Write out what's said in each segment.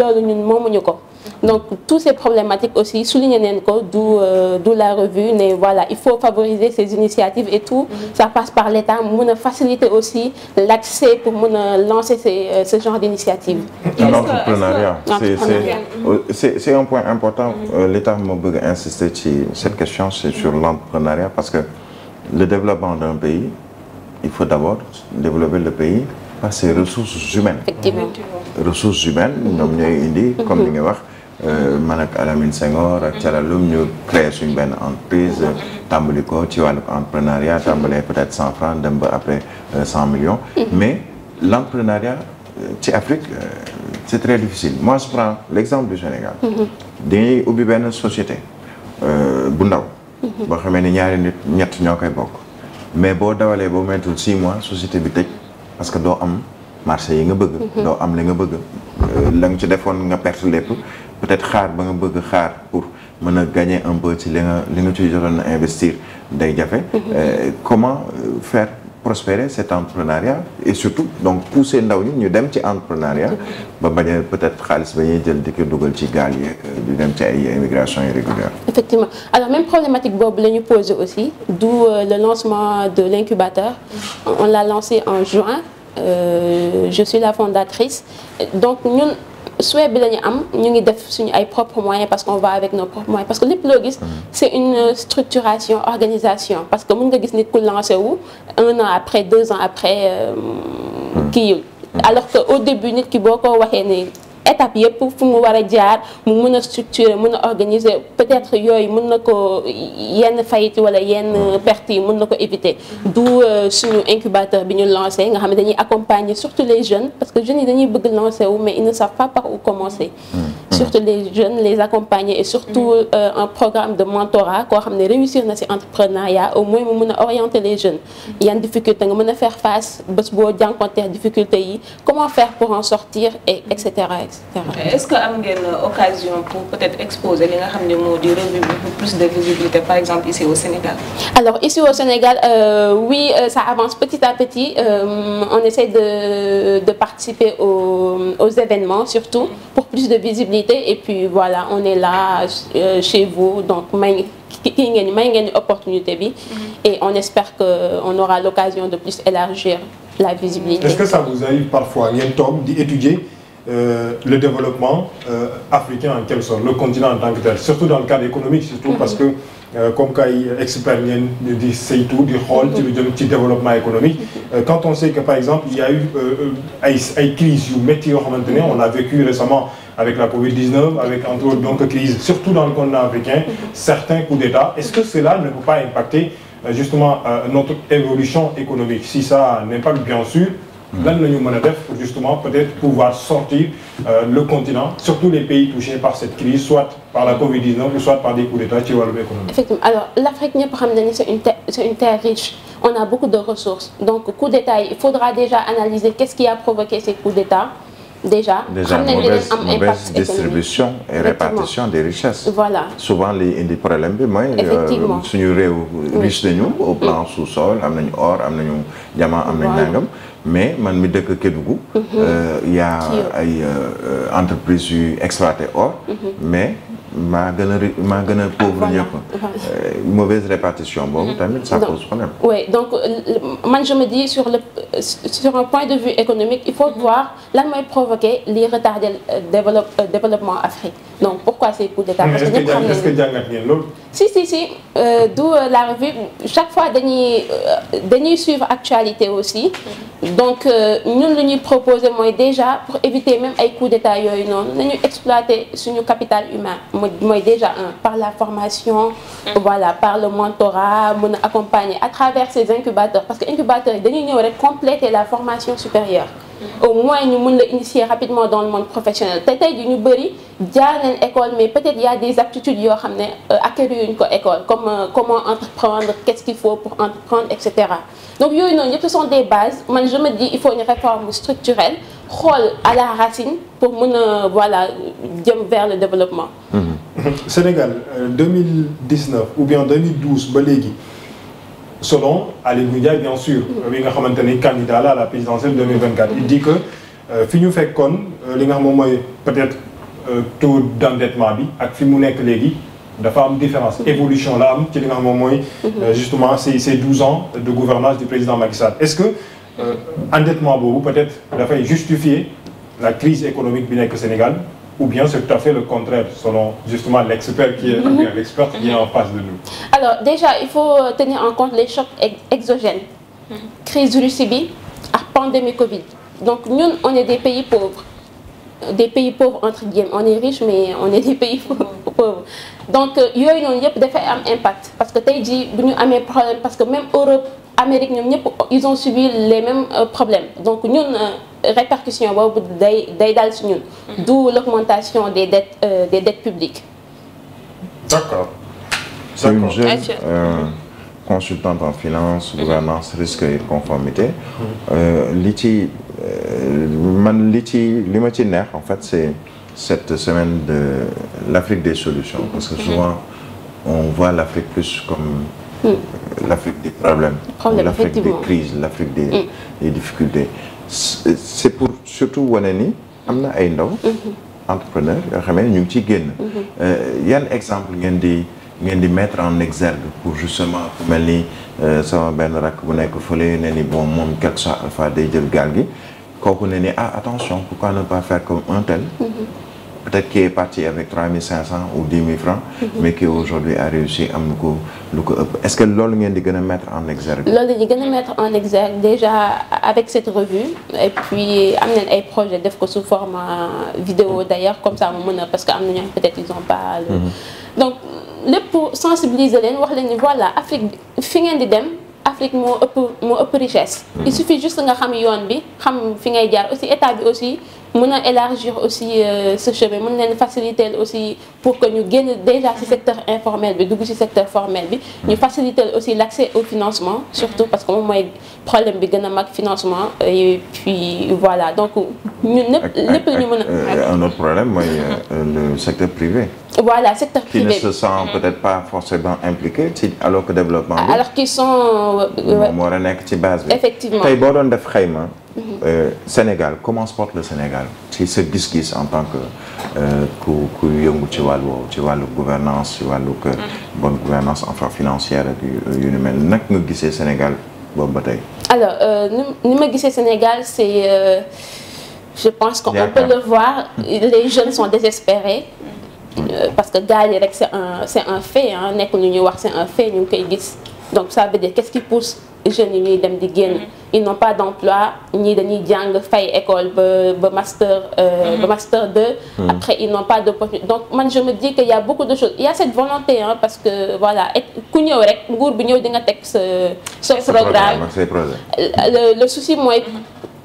loolu ñun moomuñu ko donc tout ces problématiques aussi souligné neen ko du euh, du la revue mais voilà il faut favoriser ces initiatives et tout mm-hmm. ça passe par l'État mën a faciliter aussi l'accès pour mën a lancer ces euh, ce genre d'initiative l'entrepreneuriat euh, c'est c'est un point important mm-hmm. l'État moo bëgg a insister ci cette question c'est sur mm-hmm. l'entrepreneuriat parce que le développement d'un pays il faut d'abord développer le pays par ses ressources humaines. effectivement euh, ressources humaines ñoom ñooy indi. Mhm. comme li nga wax euh, man ak Alamine Senghor ak Thialalum ñu créé suñ benn entreprise euh, tàmbali ko ci wàllu entrepreneuriat tàmbalee peut-être cent francs dem ba après cent millions. Mhm. mais l'entrepreneuriat ci Afrique c'est très difficile moi je prends l'exemple du Sénégal. Mhm. dañuy ubbi benn société bu ndaw. boo xamee ni ñaari nit ñett ñoo koy bokk mais boo dawalee boo moytuwul six mois société bi tëj. parce que doo am marché yi nga bëgg. Mhm. doo am li nga bëgg. Euh, la nga ci defoon nga perte lépp peut-être xaar ba nga bëgg xaar pour mën a gagner un peu ci li nga li nga ci jotoon na investir day jafe. Mhm. Euh, comment faire. prospérer cet entrepreneuriat et surtout donc pousser ndaw ñi ñu dem ci entrepreneuriat ba bañ a peut-être xaalis ba ñuy jël di ko dugal ci gaal yi euh, di dem ci ay immigration irrégulière effectivement alors même problématique boobu la ñu posé aussi d'où euh, le lancement de l'incubateur on l'a lancé en juin euh, je suis la fondatrice donc ñun souhait bi la ñu am ñu ngi def suñu ay propres moyens parce qu'on va avec nos propres moyens parce que lépp loo gis mm. c'est une structuration organisation parce que mën nga gis nit ku lancé wu un an après deux ans après euh, mm. kii mm. alors que au début nit ki boo ko waxee ne étape yëpp fu mu war a jaar mu mën a structurer mën a organiser peut-être yooyu mën na ko yenn faillite wala yenn perte yi mën na ko éviter du euh, suñu incubateur bi ñu lancé nga xam ne dañuy accompagner surtout les jeunes parce que jeunes yi dañuy bëgg lancer wu mais ils ne savent pas par où commencer mmh. surtout les jeunes les accompagner et surtout mmh. euh, un programme de mentorat koo xam ne réussir na ci entrepreneuriat au moins mu mën a orienter les jeunes yan difficulté nga mën a faire face bés boo jànkoonteex difficulté yi comment faire pour en sortir et et cetera et est-ce que am ngeen euh, occasion pour peut-être exposer nga xam ne moo di revue bi pour plus de visibilité par exemple ici au Sénégal. alors ici au Sénégal euh, oui euh, ça avance petit à petit euh, on essaie de de participer aux aux événements surtout pour plus de visibilité et puis voilà on est là euh, chez vous donc may kii ngeen may ngeen opportunité bi. Mm-hmm. et on espère que on aura de plus élargir la visibilité. est-ce vous arrive parfois ngeen étudier. euh, le développement euh, africain en quelque sorte, le continent en tant que tel, surtout dans le cadre économique, surtout parce que euh, comme kay expert ngeen di saytu di xool ci lu jëm ci développement économique euh, quand on sait que par exemple il y a eu euh, ay ay yoo xamante ne on l'a vécu récemment avec la Covid-19 avec entre autres surtout dans le continent africain certains coups d'État est-ce que cela ne peut pas impacter justement notre évolution économique si ça n'impacte bien lan la ñu mën a def pour justement peut-être pouvoir sortir euh, le continent surtout les pays touchés par cette crise soit par la covid ou soit par des coups d'État ci wàllu économie. effectivement alors l'Afrique ñëpp xam na ni c'est une terre riche on a beaucoup de ressources donc coup d'État il faudra déjà analyser qu'est-ce qui a provoqué ces coups d'État déjà xam nañ dinañ am impact distribution et répartition des richesses. voilà souvent li indi problème bi mooy. Euh, effectivement suñu réew. riche nañu au mm. plan sous-sol am nañu or am nañu diamant am nañu nangam. mais man mi dëkk Kédougou. Mm-hmm. Euh, y a ay euh, entreprises yu exploité or. Mm-hmm. mais maa gën a maa gën a pauvre ñëpp. Euh, mauvaise répartition boobu tamit ça pose problème. oui donc euh, man je me dis sur le euh, sur un point de vue économique il faut mhm. voir lan mooy provoquer li retardé développement Afrique. donc pourquoi c'est coup d'état parce que ñëpp xam nañu est-ce que jàngat ngeen loolu. si si si euh, du euh, la revue chaque fois dañuy euh, dañuy suivre actualité aussi. Mm-hmm. donc ñun lu ñuy proposer mooy déjà pour éviter même ay coup d'état yooyu noonu nañu exploiter suñu capital humain mooy déjà un par la formation. Mm-hmm. voilà par le mentorat mën a accompagner à travers ces incubateurs parce que incubateurs yi dañuy ñëw rek compléter la formation supérieure. au moins ñu mun la initier rapidement dans le monde professionnel te tey ji ñu bëri jaar nañ école mais peut-être y a des aptitudes yoo xam ne euh, acquérir yuñ ko école comme euh, comment entreprendre qu'est-ce qu'il faut pour entreprendre et donc yooyu noonu yëpp ce des bases man je me dis il faut une réforme structurelle xool à la racine pour mun voilà jëm vers le développement. Mmh. Sénégal 2019 euh, ou bien 2012 ba léegi. selon Aly Ngouille Ndiaye bien sûr bi nga xamante ni candidat la à la présidentielle 2024 il dit que euh, fi ñu fekkoon euh, li nga xam moom mooy peut-être euh, taux d'endettement bi ak fi mu nekk léegi dafa am différence évolution la am ci li nga xam moom mooy mhm. justement ces ces douze ans de gouvernance du président Macky Sall est-ce que endettement boobu peut-être dafay justifier la crise économique bi nekk Sénégal ou bien c'est tout à fait le contraire, selon justement l'expert qui est, mm -hmm. l'expert qui est en face de nous Alors déjà, il faut euh, tenir en compte les chocs ex exogènes. Mm -hmm. Crise du Lucibi, à ah, pandémie Covid. Donc nous, on est des pays pauvres. Des pays pauvres, entre guillemets. On est riche, mais on est des pays pauvres. Donc, il y a un impact. Parce que tu as dit, nous avons un problème. Parce que même Europe, Amérique ñoom ñëpp ils ont subi les mêmes euh, problèmes donc ñun euh, répercussion boobu day day dal si ñun. Mm-hmm. d'où l'augmentation des dettes euh, des dettes publiques. d'accord. d'accord jeune euh, consultante en finance. Mm-hmm. gouvernance risque et conformité. Mm-hmm. li ci man li ci li ma ci neex en fait c'est cette semaine de l'Afrique des solutions parce que souvent on voit l'Afrique plus Hmm. l'Afrique des problèmes, l'Afrique des crises, l'Afrique des, hmm. des difficultés. c'est pour surtout wane ni am na ay ndaw. Hmm. entrepreneur yoo xam ne ñu ngi ciy génn. Euh, yan exemple ngeen di ngeen di mettre en exergue pour justement ku mel ni euh, sama benn rakk bu nekk fële ne ni bon moom quelque soit alpha day jël gaal gi kooku ne ni ah attention pourquoi ne pas faire comme un tel. peut-être qui est parti avec 3500 ou 10 000 francs mhm. mais qui aujourd'hui a réussi am lu ko lu ko ëpp est-ce que loolu ngeen di gën a mettre en a mettre en exergue déjà avec cette revue et puis am nañ ay projet def ko sous format vidéo d'ailleurs comme ça mu mën parce que am na ñoo peut-être ils ont pas le... Mhm. donc lépp pour sensibiliser leen wax leen voilà Afrique fi ngeen di dem Afrique moo ëpp moo ëpp richesse mhm. il suffit nga xam yoon bi xam fi ngay jaar aussi état bi aussi mën a élargir aussi euh, ce chemin mën leen faciliter aussi pour que ñu génn déjà ci secteur informel bi dugg ci secteur formel bi ñu faciliter aussi l' accès au financement surtout parce que moom mooy problème bi gën a mag financement et voilà donc ñun lépp lépp la ñu mën a euh, un autre problème mooy euh, le secteur privé voilà secteur privé qui ne se sent peut-être pas forcément impliqué ci alors que développement bi nekk ci base bi effectivement boo doon def xayma Mm-hmm. Euh, Sénégal comment se porte le Sénégal ci sa gis-gis en tant que euh, ku ku yëngu ci wàllu woowu ci wàllu gouvernance ci wàllu kër mm-hmm. bonne gouvernance enfin financière ak yu ni mel nag nga gisee Sénégal boobu ba alors euh, ni ma gisee Sénégal c'est je pense qu'on peut le voir mm-hmm. les jeunes sont désespérés parce que gars yi rek c'est un c'est un fait nekk ñu ñuy wax c'est un fait ñu ngi koy gis donc ça veut dire qu'est-ce qui pousse jeunes yi ñuy dem di génn ils n'ont pas d'emploi ñii dañuy jàng fay école ba ba master euh, mm -hmm. ba mhm. master 2 mhm. après ils n'ont pas d'opportunité donc man je me dis que y a beaucoup de choses y a cette volonté parce que voilà ku ñëw rek nguur bi ñëw di nga teg sa sa programme euh, le, souci mooy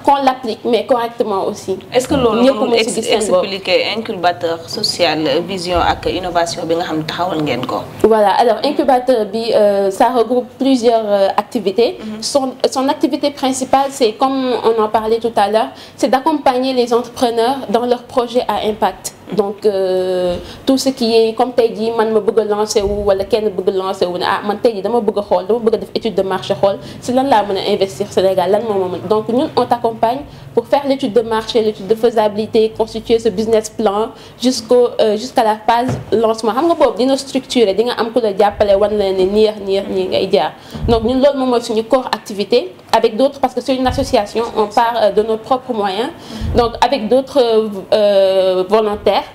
qu'on l'applique mais correctement aussi. est-ce que loolu mënul expliquer incubateur social euh, vision ak innovation bi nga xam ne taxawal ngeen ko. voilà alors incubateur bi euh, ça regroupe plusieurs euh, activités. Mm -hmm. son son activité principale c'est comme on en parlait tout à l'heure c'est d'accompagner les entrepreneurs dans leurs projets à impact. donc euh, tout ce qui est comme tey jii man ma bëgg a lancé wu wala kenn bëgg a lancé wu ne ah man tey jii dama bëgg xool dama bëgg def étude de marché xool si lan laa mën a investir Sénégal lan moo ma mën donc ñun on t'accompagne pour faire l'étude de marché l'étude de faisabilité constituer ce business plan jusqu'au euh, jusqu'à la phase lancement xam nga boobu dina structuré di nga am ku la jàppale wan la ne nii ak nii ngay jaar donc ñun loolu moom mooy suñu corps activité avec parce que c'est une association, on part euh, de nos propres moyens, donc avec d'autres euh, euh, volontaires.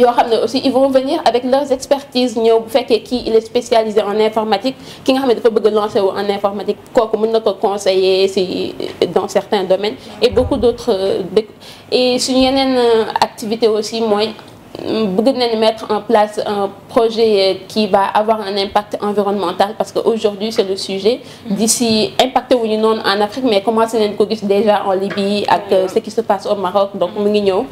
yoo xam ne aussi ils vont venir avec leurs expertises ñëw bu fekkee kii il est spécialisé en informatique ki nga xam ne dafa bëgg lancer wu en informatique kooku mën na ko conseiller si dans certains domaines et beaucoup d'autres et suñu yeneen activité aussi mooy bëgg nañu mettre en place un projet qui va avoir un impact environnemental parce que aujourd'hui c'est le sujet mm-hmm. d'ici impacté wuñu noonu en Afrique mais commencé nañ ko gis déjà en Libye ak ce qui se passe au Maroc donc mu ngi ñëw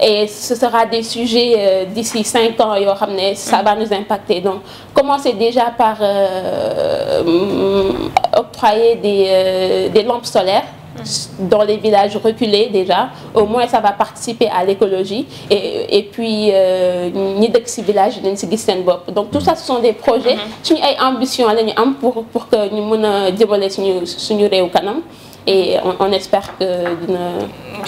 et ce sera des sujets euh, d'ici cinq ans yoo xam ne ça va nous impacter donc commencer déjà par euh, octroyer des, euh, des lampes solaires dans les villages reculés déjà au moins ça va participer à l'écologie et et puis euh, ñi dëkk village dañ ci gis seen bopp donc tout ça ce sont des projets mm-hmm. suñu ay ambition la ñu am pour pour que ñu mën a jëmale suñu suñu réew kanam et on, on espère que dina.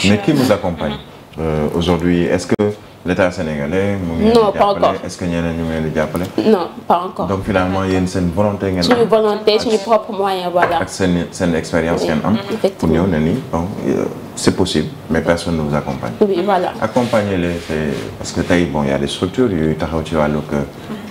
mais mm-hmm. euh, aujourd'hui est-ce que l'état sénégalais. mu ngi non pas encore est-ce que ñeneen ñu ngi leen di jàppale. non pas encore donc finalement yéen seen volonté ngeen. suñu volonté suñu propre moyen voilà. ak seen seen expérience ngeen am. pour ñëw ne nii bon euh, c'est possible mais personne ne vous accompagne. oui voilà accompagner les parce que tey bon y a des structures yuy taxaw ci wàllug.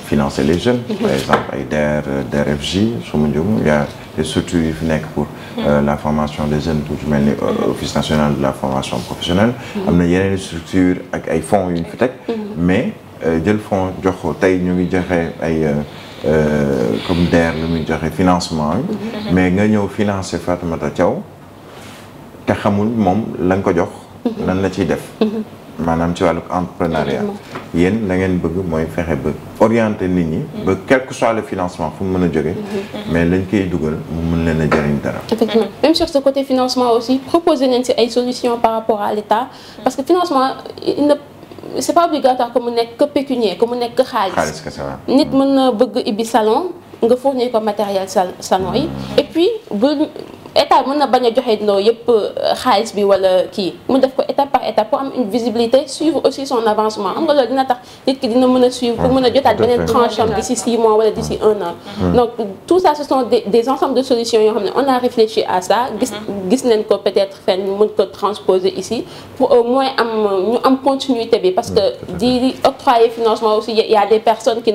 financer les jeunes. Mhm. par exemple ay DER euh, DERFJ su ma jóg y' a des structures fi nekk pour. Euh, mhm. la formation des jeunes pour mel ni euh, mhm. office national de la formation professionnelle. am na yeneen structure ak ay yu ñu fi teg. mais jël fonds jox ko tey ñu ngi joxe ay. Euh, comme DER lu muy joxe financement mais nga ñëw financer Fatoumata Thiaw te xamul moom la nga ko jox. lan la ciy def. maanaam ci wàllu entrepreneuriat. yéen la ngeen bëgg mooy fexe bëgg. orienter nit ñi. ba quel que soit le financement fu mu mën a jógee. mais lañ koy dugal mu mën leen a jëriñ dara. effectivement même sur ce côté financement aussi proposer nañ si ay solutions par rapport à l'État parce que financement il ne c'est pas obligatoire que mu nekk que pécunier que mu nekk que xaalis. xaalis kese waaw nit mën na bëgg ibbi salon nga fournir ko matériel salon yi mm. et puis état mën na bañ a joxe loo yëpp euh, xaalis bi wala kii mu def ko étape par étape pour am une visibilité suivre aussi son avancement xam nga loolu dina tax nit ki dina mën a suivre pour mën a jotaat beneen tranche am d'ici 6 mois wala d'ici 1 an donc tout ça ce sont des, ensembles de solutions yoo xam ne on a réfléchi à ça gis mm-hmm. gis nañ ko peut-être fen mën ko transposer ici pour au moins am ñu am continuité bi parce que di octroyer financement aussi il y a des personnes qui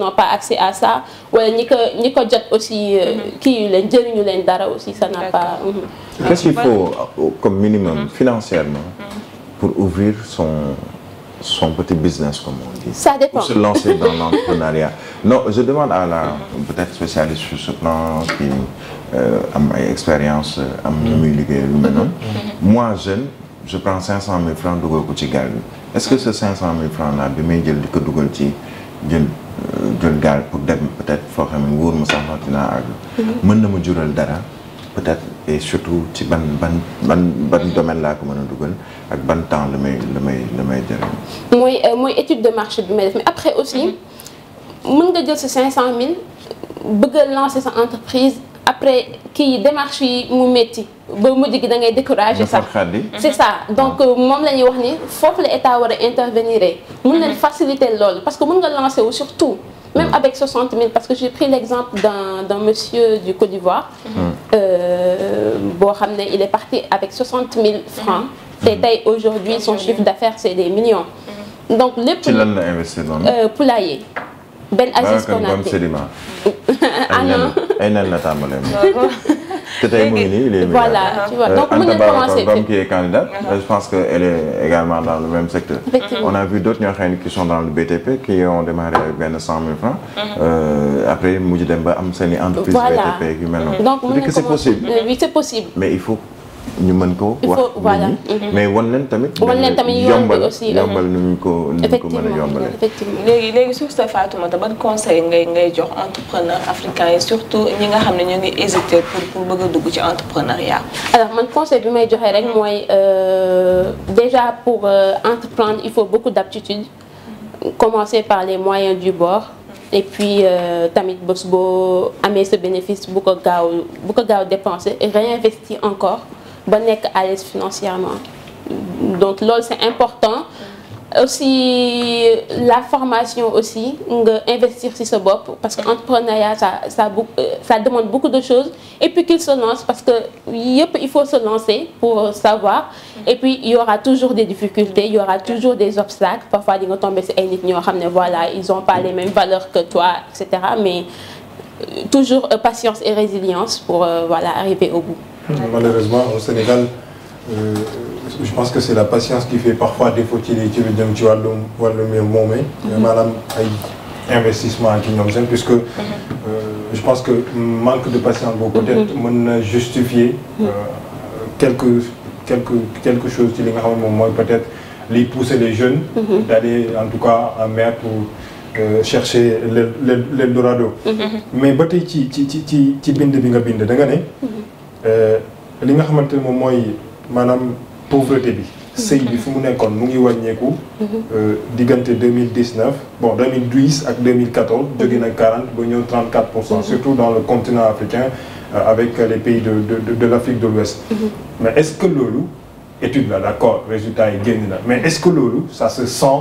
à ça wala ñi ko ñi ko jot aussi euh, mm-hmm. kii yu leen jëriñu leen dara aussi ça n'a Qu'est-ce qu'il ah, faut comme minimum mm-hmm. financièrement mm-hmm. pour ouvrir son son petit business comme on dit. Ça dépend. Pour se lancer dans l'entrepreneuriat. Non, je demande à la peut-être spécialiste sur ce plan qui euh, am ay expérience euh, am ñu muy mm-hmm. liggéey lu mel noonu. moi jeune je prends cinq cent mille francs dugal ci gaal est-ce que ce cent mille francs là bi may jël dugal ci jël euh, jël gaal pour dem peut-être foo xam ne wóor ma sax dinaa àgg. mën na ma jural dara. peut-être surtout ci ban ban domaine laa ko mën a dugal ak ban temps la may la mooy mooy euh, étude de marché bi may def mais après aussi mhm. mën nga jël sa 500000 bëgg a sa entreprise après kii démarche yi mu métti ba mujj gi da ngay décourager sax mhm. c'est ça ah. donc euh, moom la ñuy wax ni foofu la état war a intervenir mën leen mhm. faciliter loolu parce que mun nga lancer wu surtout même avec parce que j'ai pris l'exemple d'un monsieur du Côte d'Ivoire. boo xam ne il est parti avec 60 000 francs te mhm. tey aujourd'hui son chiffre d'affaires c'est des millions mhm. donc lépp ci lan la investir noonu euh, poulailler Ben Aziz Konaté ay nen la tàmbalee moom. te tey mu ngi nii il est voilà tu vois euh, donc mën nañu commencer comme qui est candidate je pense que est également dans le même secteur. on a vu d'autres ñoo qui sont dans le BTP qui ont démarré avec benn cent mille francs. Mhm. Euh, après mujj dem ba am seen i BTP yu mel noonu. donc mën nañu commencer possible. mais il faut. ñu mën ko wax nit ñi mm-hmm. mais wan leen tamit wan leen tamit yombal aussi euh, yombal nu ñu ko nu ñu ko mën a yombale léegi léegi sur ce Fatoumata ban conseil ngay ngay jox entrepreneur africain yi surtout ñi nga xam ne ñu ngi hésité pour pour bëgg a dugg ci entrepreneuriat alors man conseil bi may joxe rek mooy euh, déjà pour euh, entreprendre il faut beaucoup d'aptitude commencer par les moyens du bord et puis tamit bés boo amee sa bénéfice bu ko gaaw bu ko gaaw dépenser et réinvestir encore ba nekk à l'aise financièrement donc loolu c'est important aussi la formation aussi nga investir si sa bopp parce que entrepreneuriat ça ça euh, ça demande beaucoup de choses et puis qu'il se lance parce que yëpp il faut se lancer pour savoir et puis il aura toujours de difficultés il y aura toujours des obstacles parfois di nga tomber ci ay nit ñoo xam ne voilà ils ont pas les mêmes valeurs que toi etc mais euh, toujours euh, patience et résilience pour euh, voilà arriver au bout Hmm. Euh, malheureusement au Sénégal euh, je pense que c'est la patience qui fait parfois défaut ci li ci lu jëm ci wàllum wàllum yow moomee hmm. euh, maanaam ay investissement ci ñoom seen puisque hmm. je pense que manque de patience boobu peut-être mën na justifier quelque quelque quelque chose ci li nga xam ne moom mooy peut-être li pousser les jeunes d'aller en tout cas en maire pour Euh, chercher l'Eldorado. Mm -hmm. mais ba tey ci ci ci ci bind bi nga bind da nga ne. Euh, li nga xamante ne moom mooy maanaam pauvreté bi. sëy bi fu mu nekkoon mu ngi wàññeeku. Mhm. Euh, diggante deux mille dix neuf bon deux mille dix ak deux mille quatorze mhm. na quarante ba ñëw trente quatre pour cent mhm. surtout dans le continent africain euh, avec les pays de de de l'Ouest mais est ce que loolu étude la d' accord résultat yi génn na mais est ce que loolu ça se sent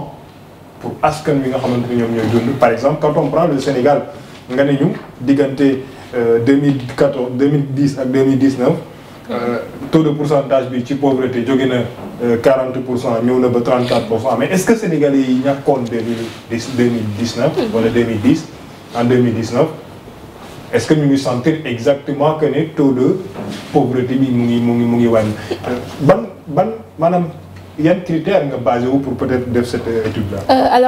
pour askan wi nga xamante ne ñoom ñooy dund par exemple quand on prend le Sénégal nga ne ñu diggante. 2014 euh, 2010 ak 2019 euh, taux de pourcentage bi ci pauvreté jóge na 40 euh, pour cent ñëw na ba 34 pour cent mais est-ce que sénégalais yi ñàkkoon 2010 2019 hmm. wala 2010 en 2019 est-ce que ñu ngi sentir exactement que ne taux de pauvreté bi mu ngi mu ngi mu ngi wàññi ban ban maanaam yan critères nga basé wu pour peut-être def cette euh, euh,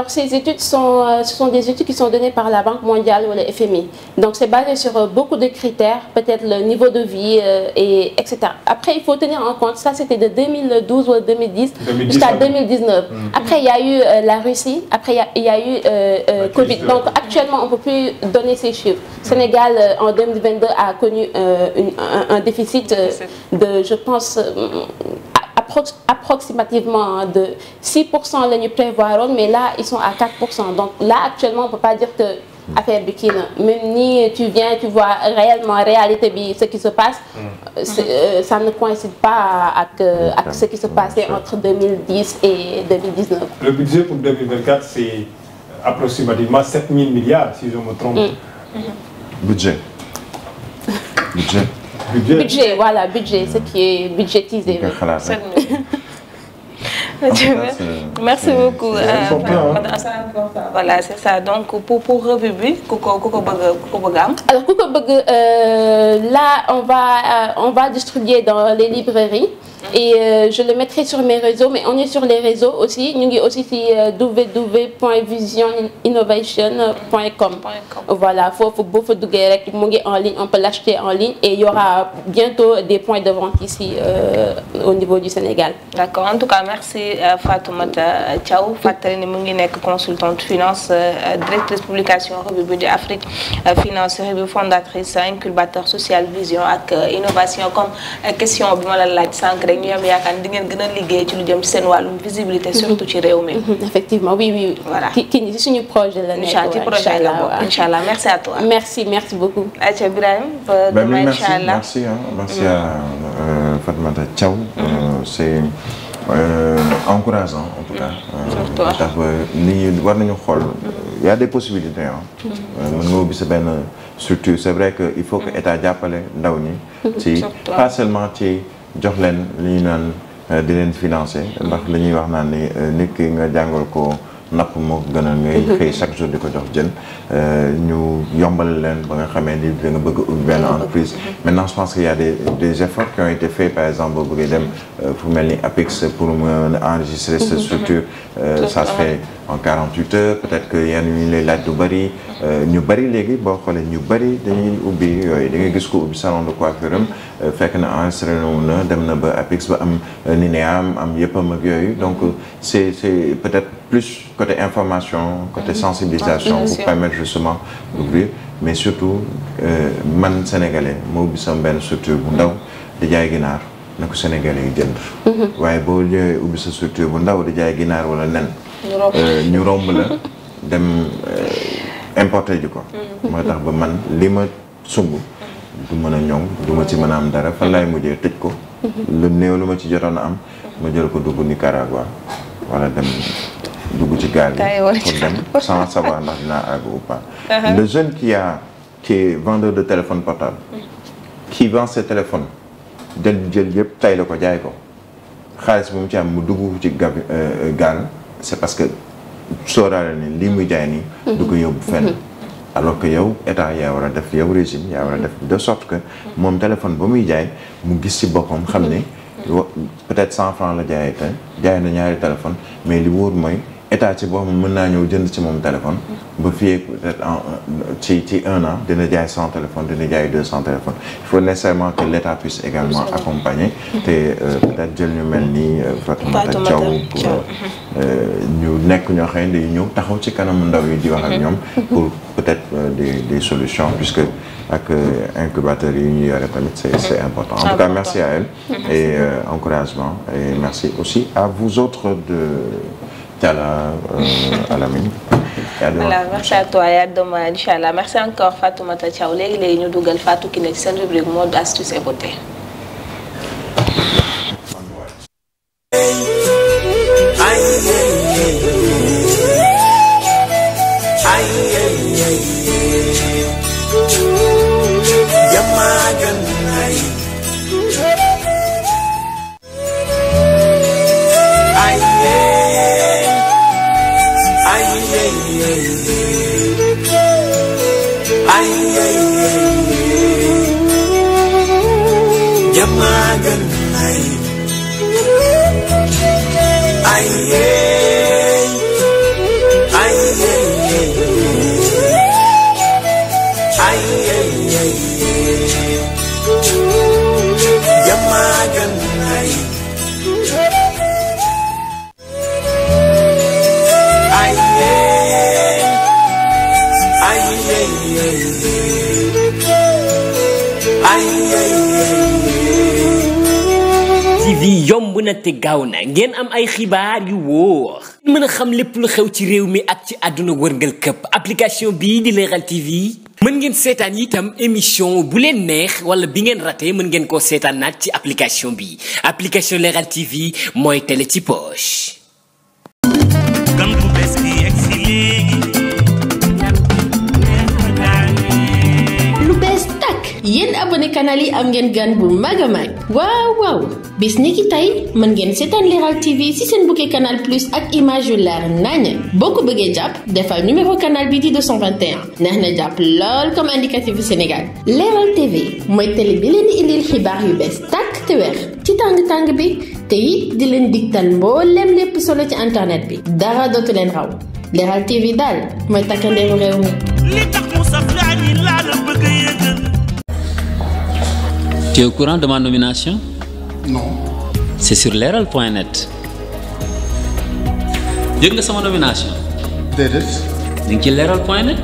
euh, la Banque mondiale FMI donc c'est basé sur peut-être le de vie et etc après il faut en compte ça c'était de 2012 ou 2010. 2010 jusqu'à 2019. Mm. a la Russie a, il y a eu. Covid donc actuellement on peut plus en 2022 je pense. approximativement de 6% la ñu prévoiroon mais là ils sont à 4% donc là actuellement on peut pas dire que affaire bi kii na même ni tu viens tu vois réalité bi ce qui se passe mm. euh, euh, ça ne pas ak euh, ak ce qui se passait mm. entre 2010 et 2019 le budget pour 2024 c'est approximativement 7000 milliards si je me trompe mm. budget budget voilà budget ce qui est budgétisé. merci beaucoup euh, voilà c'est ça donc pour pour revue bi ku ko alors ku ko euh, là euh, on va distribuer dans les librairies et euh, je le mettrai sur mes réseaux mais on est sur les réseaux aussi ñu ngi aussi ci euh, www.visioninnovation.com voilà foofu boo fa duggee rek mu ngi en ligne on peut l'acheter en ligne et il y aura bientôt des points de vente ici euh, au niveau du Sénégal. D'accord en tout cas merci euh, Fatoumata Thiaw fàttali ni mu ngi nekk consultante finance directrice publication revue Budget Afrique finance revue fondatrice incubateur social vision ak innovation comme question bi sànq rek ñu am yaakaar di ngeen gën a liggéey ci lu jëm ci seen wàllum visibilité mhm. surtout ci réew mi. Mhm. effectivement oui oui. ki suñu projet la nekk. ci projet la bokk incha allah merci mm. euh, euh, mm. euh, surtout war nañu xool. Mm. y des possibilités ah. mën nga ubbi c'est vrai que il faut que état jàppale ndaw ñi. ci pas ci. jox leen li ñu naan euh, di leen financer mm-hmm. ndax li ñuy wax naan ni euh, nit ki nga jàngal ko napp moo gënal ngay mm-hmm. xëy chaque jour di ko jox jën euh, ñu yombal leen ba nga xamee ni da nga bëgg ubbi benn mm-hmm. entreprise maintenant je pense qu'il y a des efforts qui ont été faits par exemple boo bëggee dem fu mel ni APEX pour mën a enregistrer cette structure sa se en 48 heures peut-être que yenn ñu lay laaj du bëri euh, ñu bëri léegi boo xoolee ñu bëri dañuy ubbi yooyu da ngay gis ko ubbi salon de coiffure am euh, fekk na enregistré wu na dem na ba Apix ba am euh, Nineam am yëppam ak yooyu donc c'est c'est peut-être plus côté information côté mm-hmm. sensibilisation pour permettre justement d'ouvrir mais surtout man sénégalais moo ubbi sama benn structure bu ndaw di jaay ginaar na ko sénégalais yi jënd mm-hmm. waaye boo ñëwee ubbi sa structure bu ndaw di jaay ginaar wala nen Euh, ñu romb la dem euh, importer ji ko mm. moo tax ba man li ma sumb du mën a ñoŋ duma ci mën a am dara fan laay mujjee tëj ko mm-hmm. lu néew lu ma ci jotoon a am ma jël ko dugg Nicaragua wala dem dugg ci gaal bi pour dem sans savoir ndax dinaa àgg ou pas uh-huh. jeune qui a qui est de téléphone portable mm. qui vend téléphone téléphones jël jël yëpp tay ko jaay ko xaalis bu mu ci am mu dugg ci euh, gaal c'est parce que sóoraale ne lii muy jaay nii. Mhm. du ko yóbbu fenn. Mhm. alors que yow état yaa war a def yow régime yaa war a def de sorte que moom téléphone ba muy jaay mu gis ci boppam xam ne. Mhm. peut-être cent francs la jaayee te jaay na ñaari téléphone mais li wóor mooy. état ci boppam mën naa ñëw jënd ci moom téléphone. ba fii peut euh, ci ci un an dina jaay cent téléphones dina jaay deux cent téléphones il faut nécessairement que l'État puisse également accompagner. te euh, peut-être jël ñu mel nii euh, Fatoumata Thiaw pour ñu nekk ñoo ñëw taxaw ci kanam ndaw yi ji wax ak ñoom. pour peut-être des des solutions puisque ak incubateurs yi ñu yore tamit c'est mm-hmm. important. en tout cas merci à elle. Mm-hmm. et encouragement et merci aussi à vous autres de. Inch'Allah, euh, merci à toi yaa merci encore Fatoumata Thiaw léegi léegi ñu dugal Fatou Kiné ci seen rubrique mode astuce et beauté. magal te gaaw na ngeen am ay xibaar yu wóor mën a xam lépp lu xew ci réew mi ak ci àdduna wërngal këpp application bii di Leral TV mën ngeen seetaan itam émission bu leen neex wala bi ngeen raté mën ngeen koo seetaan naat ci application bi application Leral TV mooy tele ci poche yéen abonné canal yi am ngeen gan bu mag a mag waaw waaw bis yi ki tey mën ngeen seetaan Leral TV si seen bouquet canal plus ak image yu leer nañ boo ko bëggee jàpp defal numéro canal bi di 221 neex na jàpp lool comme indicatif Sénégal Leral TV mooy télé bi leen di indil xibaar yu bees tàkk te weex ci tàng-tàng bi te it di leen digtal mbooleem lépp solo ci internet bi dara dootu leen raw Leral TV daal mooy takkandeeru réew mi es au courant de ma nomination non. c'est sur leeral point net. yëg nga sama nomination. déedéet. ñu ngi ci leeral point net.